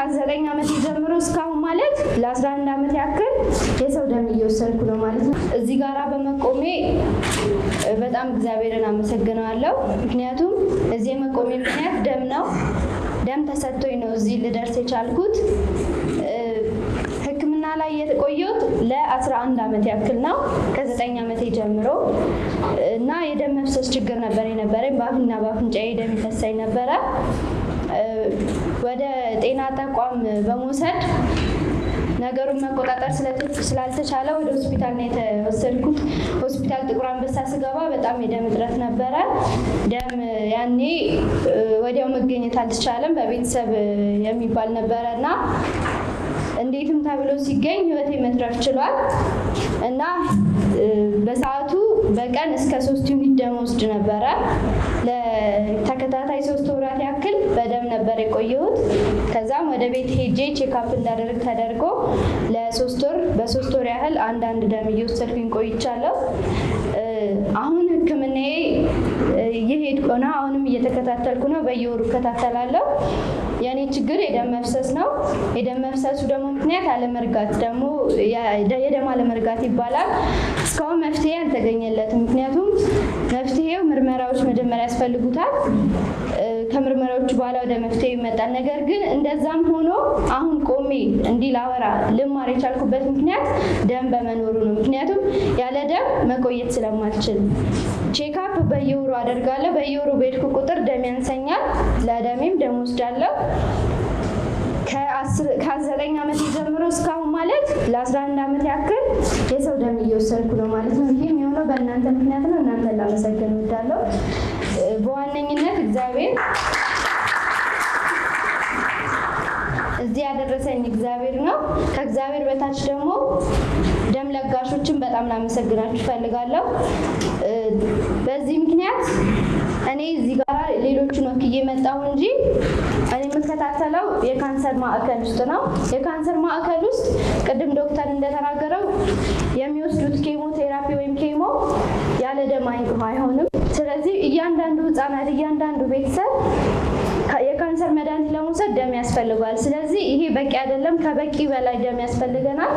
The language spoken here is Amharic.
ከዘጠኝ ዓመት ጀምሮ እስካሁን ማለት ለ11 ዓመት ያክል የሰው ደም እየወሰድኩ ነው ማለት ነው። እዚህ ጋራ በመቆሜ በጣም እግዚአብሔርን አመሰግነዋለሁ። ምክንያቱም እዚህ የመቆሜ ምክንያት ደም ነው። ደም ተሰጥቶኝ ነው እዚህ ልደርስ የቻልኩት። ሕክምና ላይ የተቆየሁት ለ11 ዓመት ያክል ነው ከዘጠኝ ዓመቴ ጀምሮ እና የደም መፍሰስ ችግር ነበር የነበረኝ። በአፍና በአፍንጫዬ ደም ይፈሳኝ ነበረ ወደ ጤና ተቋም በመውሰድ ነገሩን መቆጣጠር ስላልተቻለ ወደ ሆስፒታል ነው የተወሰድኩት። ሆስፒታል ጥቁር አንበሳ ስገባ በጣም የደም እጥረት ነበረ። ደም ያኔ ወዲያው መገኘት አልተቻለም፣ በቤተሰብ የሚባል ነበረ እና እንዴትም ተብሎ ሲገኝ ህይወቴ መትረፍ ችሏል እና በሰዓቱ በቀን እስከ ሶስት ዩኒት ደም ወስድ ነበረ ለተከታታይ ሶስት ወራት ያክል የቆየሁት። ከዛም ወደ ቤት ሄጄ ቼክአፕ እንዳደርግ ተደርጎ ለሶስት ወር በሶስት ወር ያህል አንዳንድ ደም እየወሰድኩኝ ቆይቻለሁ። አሁን ሕክምናዬ እየሄድኩ ነው። አሁንም እየተከታተልኩ ነው። በየወሩ እከታተላለሁ። የእኔ ችግር የደም መፍሰስ ነው። የደም መፍሰሱ ደግሞ ምክንያት አለመርጋት ደግሞ የደም አለመርጋት ይባላል። እስካሁን መፍትሄ አልተገኘለትም። ምክንያቱም መፍትሄው ምርመራዎች መጀመሪያ ያስፈልጉታል። ከምርመራዎች በኋላ ወደ መፍትሄ ይመጣል። ነገር ግን እንደዛም ሆኖ አሁን ቆሜ እንዲህ ላወራ ልማር የቻልኩበት ምክንያት ደም በመኖሩ ነው። ምክንያቱም ያለ ደም መቆየት ስለማልችል ቼክአፕ በየወሩ አደርጋለሁ። በየወሩ በሄድኩ ቁጥር ደም ያንሰኛል። ለደሜም ደም ወስዳለሁ። ከዘጠኝ ዓመት ጀምሮ እስካሁን ማለት ለ11 ዓመት ያክል የሰው ደም እየወሰድኩ ነው ማለት ነው። ይህም የሆነው በእናንተ ምክንያት ነው። እናንተን ላመሰግን እወዳለሁ በዋነኝነት እግዚአብሔር እዚህ ያደረሰኝ እግዚአብሔር ነው። ከእግዚአብሔር በታች ደግሞ ደም ለጋሾችን በጣም ላመሰግናችሁ እፈልጋለሁ። በዚህ ምክንያት እኔ እዚህ ጋር ሌሎችን ወክዬ መጣሁ እንጂ እኔ የምከታተለው የካንሰር ማዕከል ውስጥ ነው። የካንሰር ማዕከል ውስጥ ቅድም ዶክተር እንደተናገረው የሚወስዱት ኬሞ ቴራፒ ወይም ኬሞ ያለ ደም አይሆንም። ስለዚህ እያንዳንዱ ህፃናት እያንዳንዱ ቤተሰብ የካንሰር መድኃኒት ለመውሰድ ደም ያስፈልገዋል። ስለዚህ ይሄ በቂ አይደለም፣ ከበቂ በላይ ደም ያስፈልገናል።